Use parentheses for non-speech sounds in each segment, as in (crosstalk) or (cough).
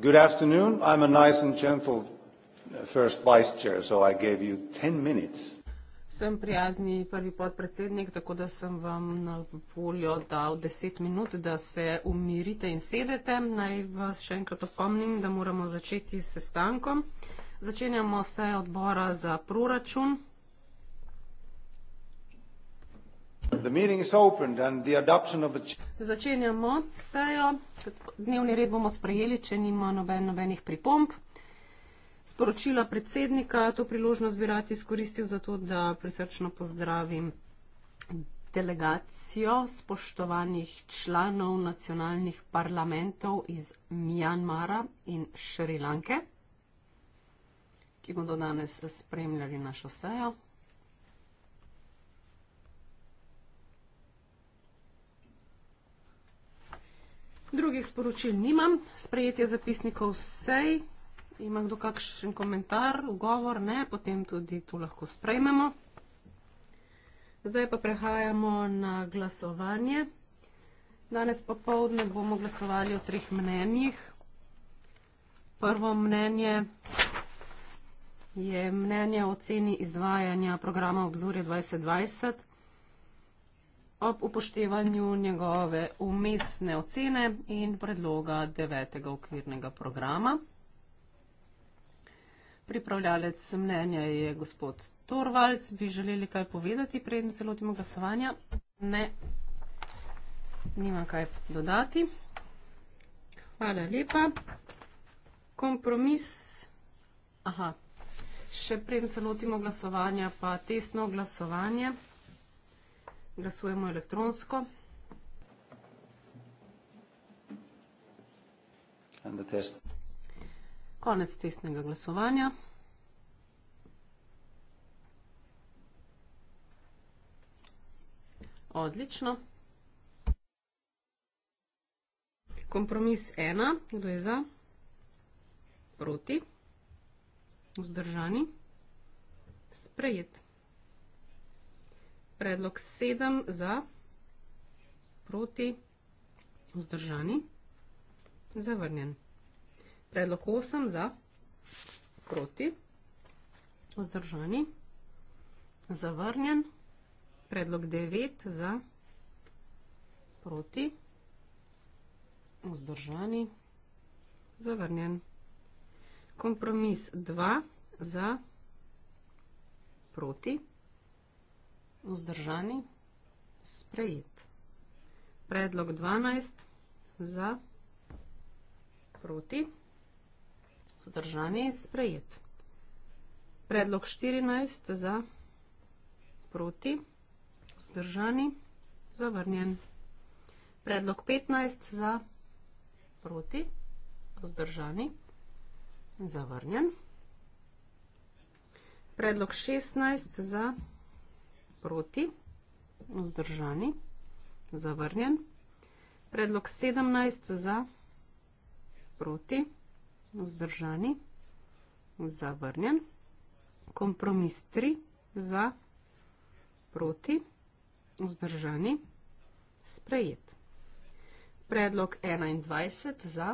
Good afternoon. I'm a nice and gentle uh, first vice chair, so I gave you 10 minutes. Sem prijazni prvi podpredsednik, tako da sem vam na voljo dal 10 minut, da se umirite in sedete. Naj vas še enkrat opomnim, da moramo začeti s sestankom. Začenjamo se odbora za proračun. Začenjamo sejo, dnevni red bomo sprejeli, če nima noben, nobenih pripomb. Sporočila predsednika, to priložnost bi rad izkoristil za to, da presrčno pozdravim delegacijo spoštovanih članov nacionalnih parlamentov iz Mjanmara in Šrilanke, ki bodo danes spremljali našo sejo. Drugih sporočil nimam, sprejetje zapisnikov sej, ima kdo kakšen komentar, ugovor, ne, potem tudi to lahko sprejmemo. Zdaj pa prehajamo na glasovanje. Danes popovdne bomo glasovali o treh mnenjih. Prvo mnenje je mnenje o ceni izvajanja programa obzorje 2020 ob upoštevanju njegove umestne ocene in predloga devetega okvirnega programa. Pripravljalec mnenja je gospod Torvalc. Bi želeli kaj povedati, preden se lotimo glasovanja? Ne. Nimam kaj dodati. Hvala lepa. Kompromis. Aha. Še preden se lotimo glasovanja, pa testno glasovanje glasujemo elektronsko. Test. Konec testnega glasovanja. Odlično. Kompromis ena, kdo je za? Proti. Vzdržani. Sprejet predlog sedem za, proti, vzdržani, zavrnjen. Predlog osem za, proti, vzdržani, zavrnjen. Predlog devet za, proti, vzdržani, zavrnjen. Kompromis dva za, proti, vzdržani vzdržani, sprejet. Predlog 12 za proti, vzdržani, sprejet. Predlog 14 za proti, vzdržani, zavrnjen. Predlog 15 za proti, vzdržani, zavrnjen. Predlog 16 za proti, vzdržani proti, vzdržani, zavrnjen. Predlog 17 za, proti, vzdržani, zavrnjen. Kompromis 3 za, proti, vzdržani, sprejet. Predlog 21 za,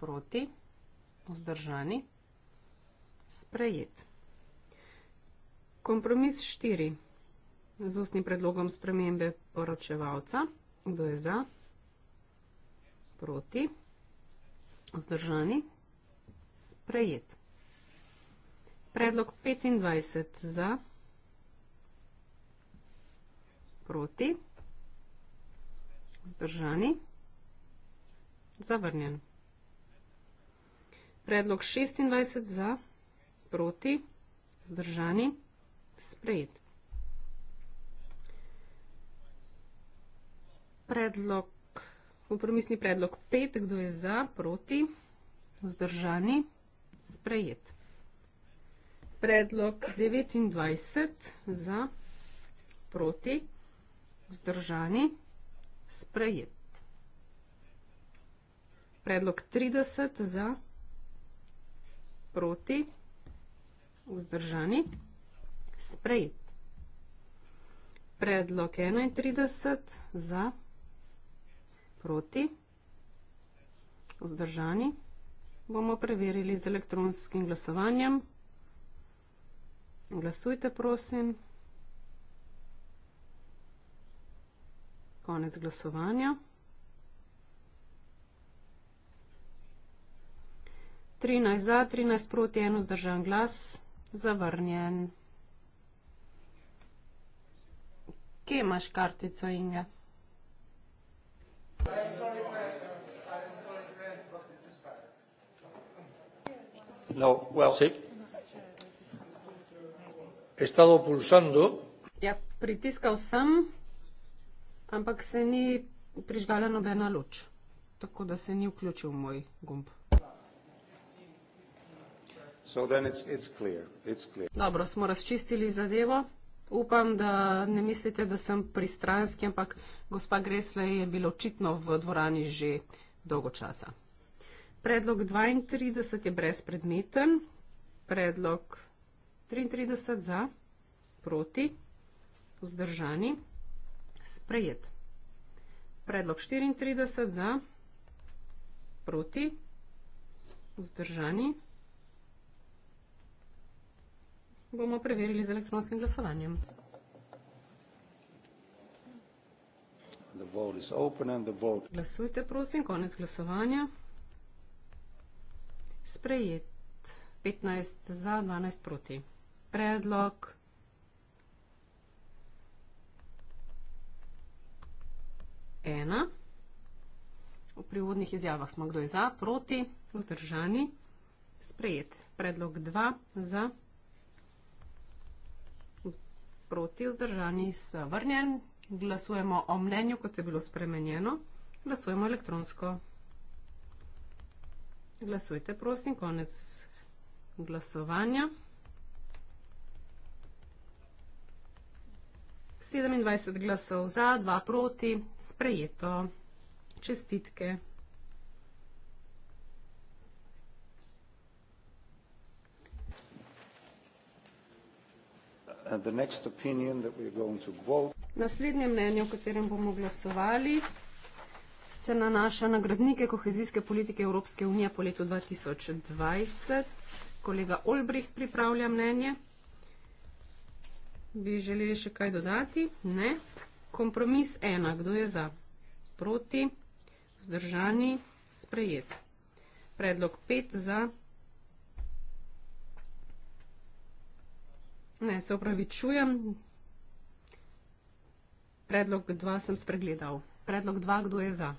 proti, vzdržani, sprejet. Kompromis štiri. Z ustnim predlogom spremembe poročevalca. Kdo je za? Proti. Vzdržani. Sprejet. Predlog 25 za. Proti. Vzdržani. Zavrnjen. Predlog 26 za. Proti. Vzdržani. Zavrnjen sprejet. Predlog, kompromisni predlog 5, kdo je za, proti, vzdržani, sprejet. Predlog 29, za, proti, vzdržani, sprejet. Predlog 30, za, proti, vzdržani, sprejet sprejet. Predlog 31 za proti vzdržani bomo preverili z elektronskim glasovanjem. Glasujte prosim. Konec glasovanja. 13 za, 13 proti, 1 zdržan glas, zavrnjen. Kje imaš kartico Inge? No, well, sí. He estado pulsando. Ja, pritiskal sem, ampak se ni prižgala nobena luč. Tako da se ni vključil moj gumb. So then it's, it's clear. It's clear. Dobro, smo razčistili zadevo. Upam, da ne mislite, da sem pristranski, ampak gospa Gresle je bilo očitno v dvorani že dolgo časa. Predlog 32 je brezpredmeten, predlog 33 za, proti, vzdržani, sprejet. Predlog 34 za, proti, vzdržani, sprejet. bomo preverili z elektronskim glasovanjem. The vote is open and the vote. Glasujte prosim, konec glasovanja. Sprejet 15 za, 12 proti. Predlog. Ena. V privodnih izjavah smo kdo je za, proti, vzdržani. Sprejet. Predlog 2 za, proti vzdržani zavrnjen. Glasujemo o mnenju, kot je bilo spremenjeno. Glasujemo elektronsko. Glasujte, prosim, konec glasovanja. 27 glasov za, 2 proti, sprejeto. Čestitke. Naslednje mnenje, o katerem bomo glasovali, se nanaša na gradnike kohezijske politike Evropske unije po letu 2020. Kolega Olbricht pripravlja mnenje. Bi želeli še kaj dodati? Ne. Kompromis ena. Kdo je za? Proti? Zdržani? Sprejet. Predlog pet za, Ne, se upravičujem. Predlog 2 sem spregledal. Predlog 2, kdo je za?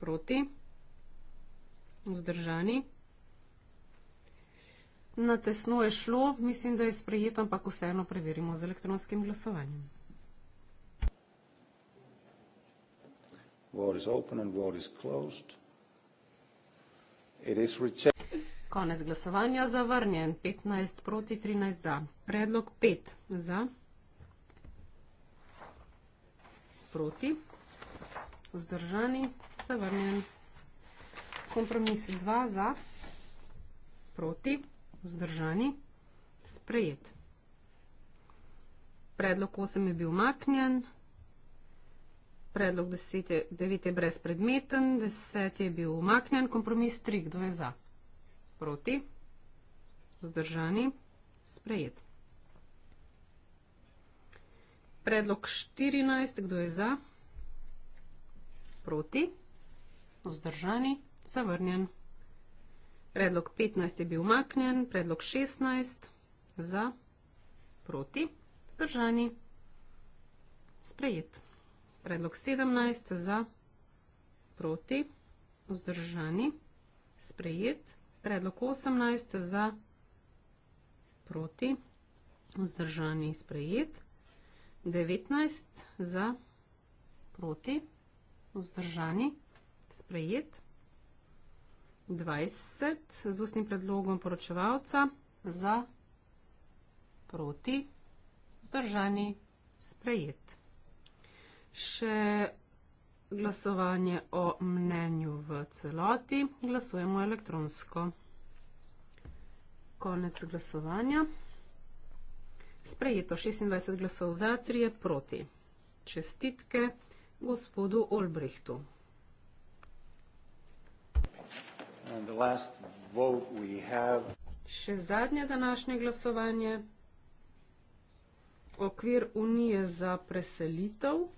Proti? Vzdržani? Na tesno je šlo, mislim, da je sprejeto, ampak vseeno preverimo z elektronskim glasovanjem. Vote is open and vote is closed. It is rejected. Konec glasovanja zavrnjen. 15 proti 13 za. Predlog 5 za. Proti. Vzdržani. Zavrnjen. Kompromis 2 za. Proti. Vzdržani. Sprejet. Predlog 8 je bil maknjen. Predlog 9 je brezpredmeten. 10 je bil maknjen. Kompromis 3. Kdo je za? proti, vzdržani, sprejet. Predlog 14, kdo je za, proti, vzdržani, zavrnjen. Predlog 15 je bil umaknjen, predlog 16, za, proti, vzdržani, sprejet. Predlog 17, za, proti, vzdržani, sprejet predlog 18 za proti, vzdržani sprejet, 19 za proti, vzdržani sprejet, 20 z ustnim predlogom poročevalca za proti, vzdržani sprejet. Še glasovanje o mnenju v celoti, glasujemo elektronsko. Konec glasovanja. Sprejeto 26 glasov za, 3 je proti. Čestitke gospodu Olbrihtu. And the last vote we have. Še zadnje današnje glasovanje. Okvir Unije za preselitev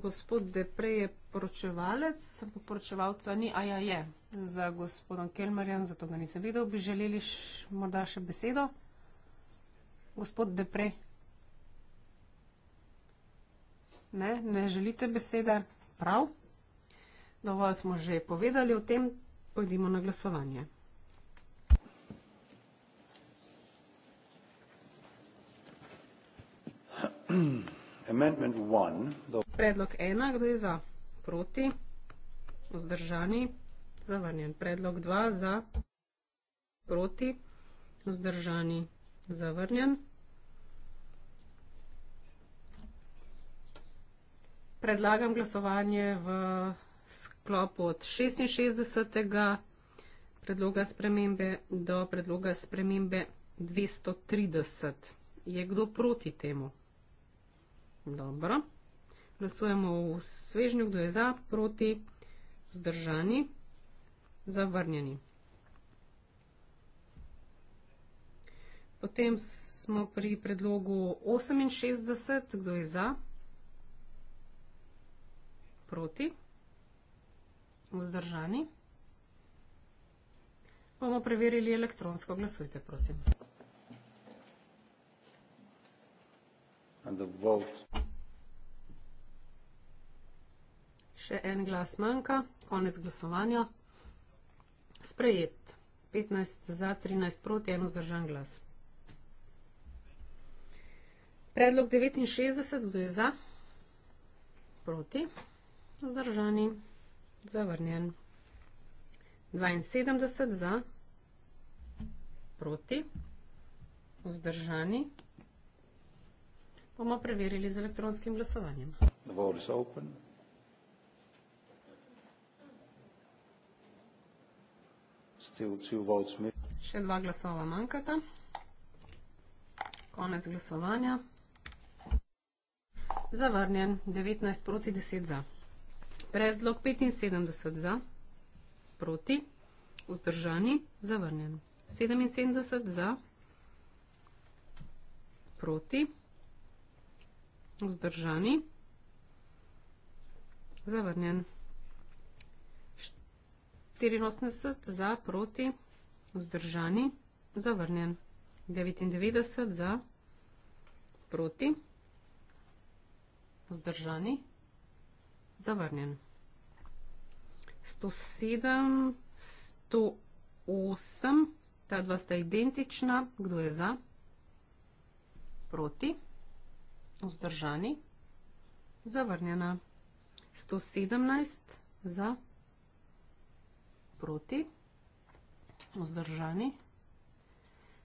gospod Depre je poročevalec, ampak poročevalca ni, a ja je, za gospodom Kelmerjem, zato ga nisem videl. Bi želeli š, morda še besedo? Gospod Depre. Ne, ne želite besede? Prav. Dovolj smo že povedali o tem, pojdimo na glasovanje. Hmm. (clears throat) Predlog ena, kdo je za? Proti? Vzdržani? Zavrnjen. Predlog dva, za? Proti? Vzdržani? Zavrnjen. Predlagam glasovanje v sklopu od 66. predloga spremembe do predloga spremembe 230. Je kdo proti temu? Dobro. Glasujemo v svežnju, kdo je za, proti, vzdržani, zavrnjeni. Potem smo pri predlogu 68, kdo je za, proti, vzdržani. Bomo preverili elektronsko. Glasujte, prosim. and the vote. Še en glas manjka, konec glasovanja. Sprejet. 15 za, 13 proti, eno zdržan glas. Predlog 69, kdo je za? Proti, zdržani, zavrnjen. 72 za, proti, zdržani, zavrnjen bomo preverili z elektronskim glasovanjem. The vote is open. Still two votes Še dva glasova manjkata. Konec glasovanja. Zavrnjen 19 proti 10 za. Predlog 75 za, proti, vzdržani, zavrnjen. 77 za, proti, Vzdržani. Zavrnjen. 84 za, proti. Vzdržani. Zavrnjen. 99 za, proti. Vzdržani. Zavrnjen. 107, 108. Ta dva sta identična. Kdo je za? Proti vzdržani, zavrnjena. 117 za, proti, vzdržani.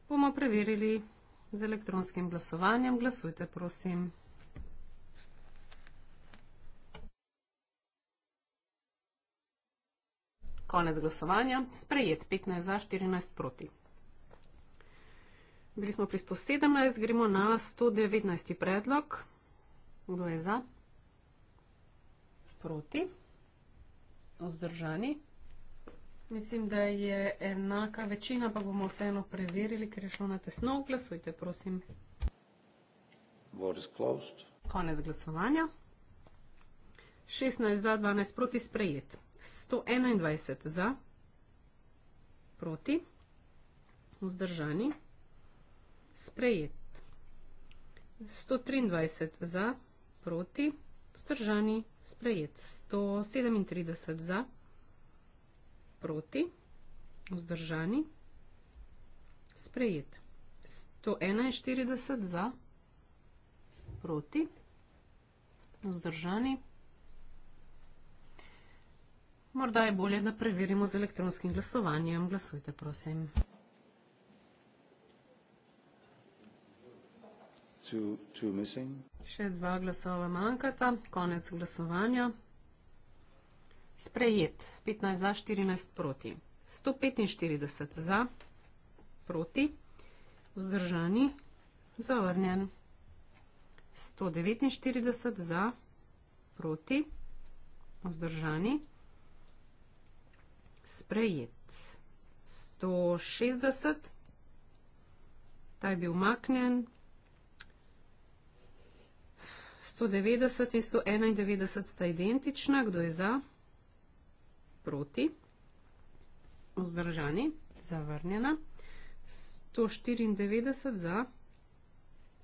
Bomo preverili z elektronskim glasovanjem. Glasujte, prosim. Konec glasovanja. Sprejet 15 za 14 proti. Bili smo pri 117, gremo na 119. predlog. Kdo je za? Proti? Ozdržani? Mislim, da je enaka večina, pa bomo vseeno preverili, ker je šlo na tesno. Glasujte, prosim. Konec glasovanja. 16 za, 12 proti sprejet. 121 za, proti, vzdržani sprejet. 123 za, proti, vzdržani, sprejet. 137 za, proti, vzdržani, sprejet. 141 za, proti, vzdržani. Morda je bolje, da preverimo z elektronskim glasovanjem. Glasujte, prosim. two, two missing. Še dva glasova manjkata, konec glasovanja. Sprejet, 15 za, 14 proti. 145 za, proti, vzdržani, zavrnjen. 149 za, proti, vzdržani, sprejet. 160, ta je bil umaknjen, 190 in 191 sta identična. Kdo je za? Proti. Ozdržani. Zavrnjena. 194 za.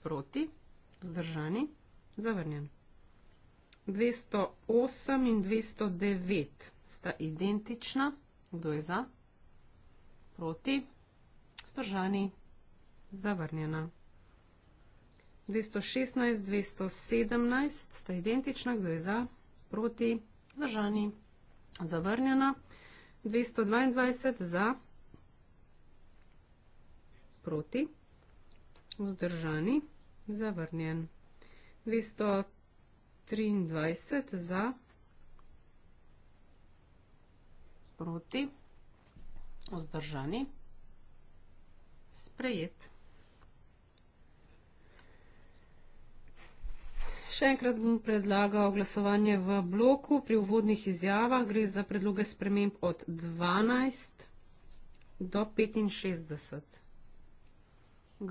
Proti. Ozdržani. Zavrnjen. 208 in 209 sta identična. Kdo je za? Proti. Ozdržani. Zavrnjena. Zavrnjena. 216, 217 sta identična, kdo je za, proti, zdržani, zavrnjena, 222 za, proti, vzdržani, zavrnjen, 223 za, proti, vzdržani, sprejet. Še enkrat bom predlagal glasovanje v bloku pri uvodnih izjavah. Gre za predloge sprememb od 12 do 65.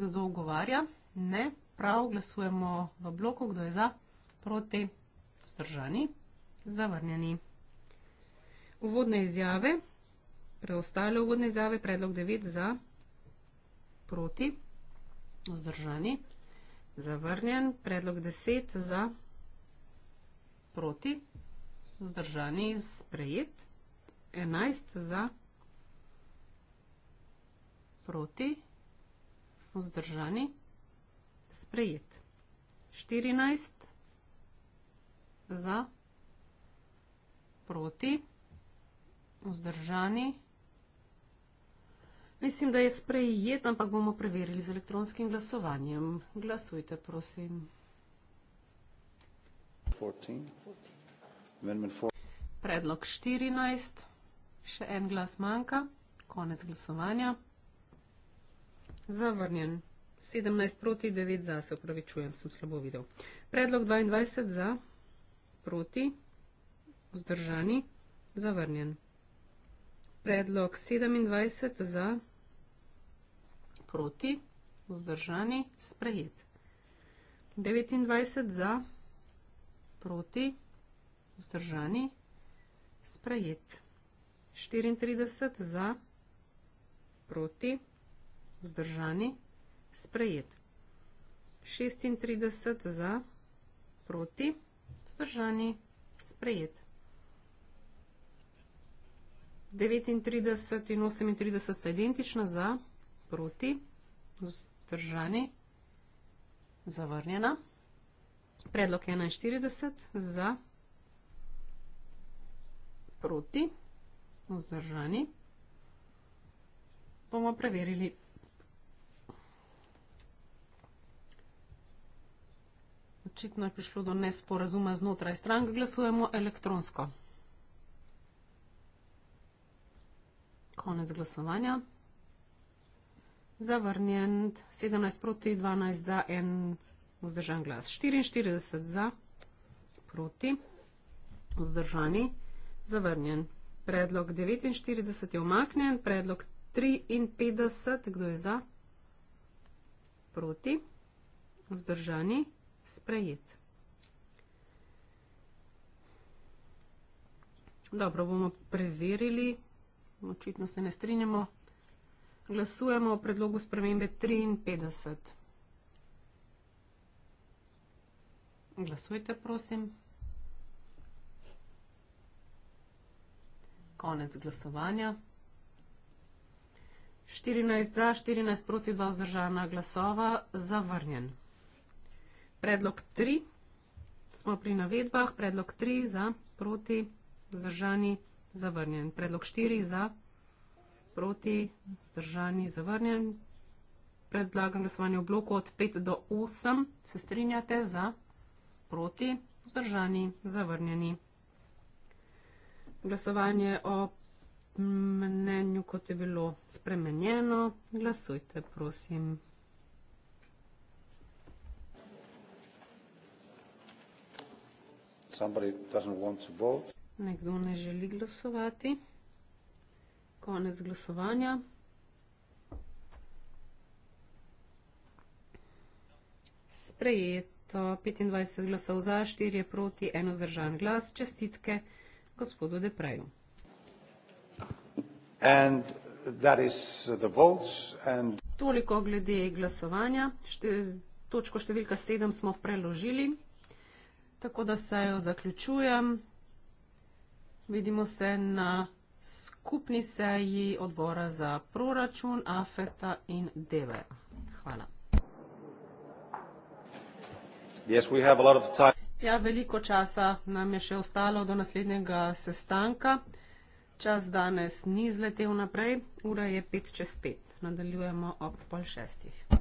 Kdo ogovarja? Ne. Prav, glasujemo v bloku. Kdo je za? Proti? Zdržani? Zavrnjeni. Uvodne izjave. Preostale uvodne izjave. Predlog 9 za? Proti? Zdržani? Zdržani? Zavrnjen. Predlog 10 za proti. Vzdržani sprejet. 11 za proti. Vzdržani sprejet. 14 za proti. Vzdržani sprejet. Mislim, da je sprejet, ampak bomo preverili z elektronskim glasovanjem. Glasujte, prosim. 14. 14. Predlog 14. Še en glas manjka. Konec glasovanja. Zavrnjen. 17 proti 9 za, se upravičujem, sem slabo videl. Predlog 22 za, proti, vzdržani, zavrnjen. Predlog 27 za proti, vzdržani, sprejet. 29 za proti, vzdržani, sprejet. 34 za proti, vzdržani, sprejet. 36 za proti, vzdržani, sprejet. 39 in 38 sta identična za, proti, vzdržani, zavrnjena. Predlog 41 za, proti, vzdržani, bomo preverili. Očitno je prišlo do nesporazuma znotraj strank, glasujemo elektronsko. konec glasovanja. Zavrnjen 17 proti 12 za en vzdržan glas. 44 za proti vzdržani zavrnjen. Predlog 49 je omaknjen, predlog 53, kdo je za? Proti, vzdržani, sprejet. Dobro, bomo preverili Očitno se ne strinjamo. Glasujemo o predlogu spremembe 53. Glasujte, prosim. Konec glasovanja. 14 za, 14 proti 2 vzdržana glasova, zavrnjen. Predlog 3, smo pri navedbah, predlog 3 za, proti, vzdržani glasova zavrnjen. Predlog 4 za, proti, zdržani, zavrnjen. Predlagam glasovanje v bloku od 5 do 8. Se strinjate za, proti, zdržani, zavrnjeni. Glasovanje o mnenju, kot je bilo spremenjeno. Glasujte, prosim. Somebody doesn't want to vote. Nekdo ne želi glasovati. Konec glasovanja. Sprejeto 25 glasov za, 4 proti, eno zdržan glas. Čestitke gospodu Depreju. And that is the votes and... Toliko glede glasovanja. Šte, točko številka 7 smo preložili, tako da se jo zaključujem. Vidimo se na skupni seji odbora za proračun AFETA in DEVE. Hvala. Yes, we have a lot of time. Ja, veliko časa nam je še ostalo do naslednjega sestanka. Čas danes ni zletel naprej, ura je pet čez pet. Nadaljujemo ob pol šestih.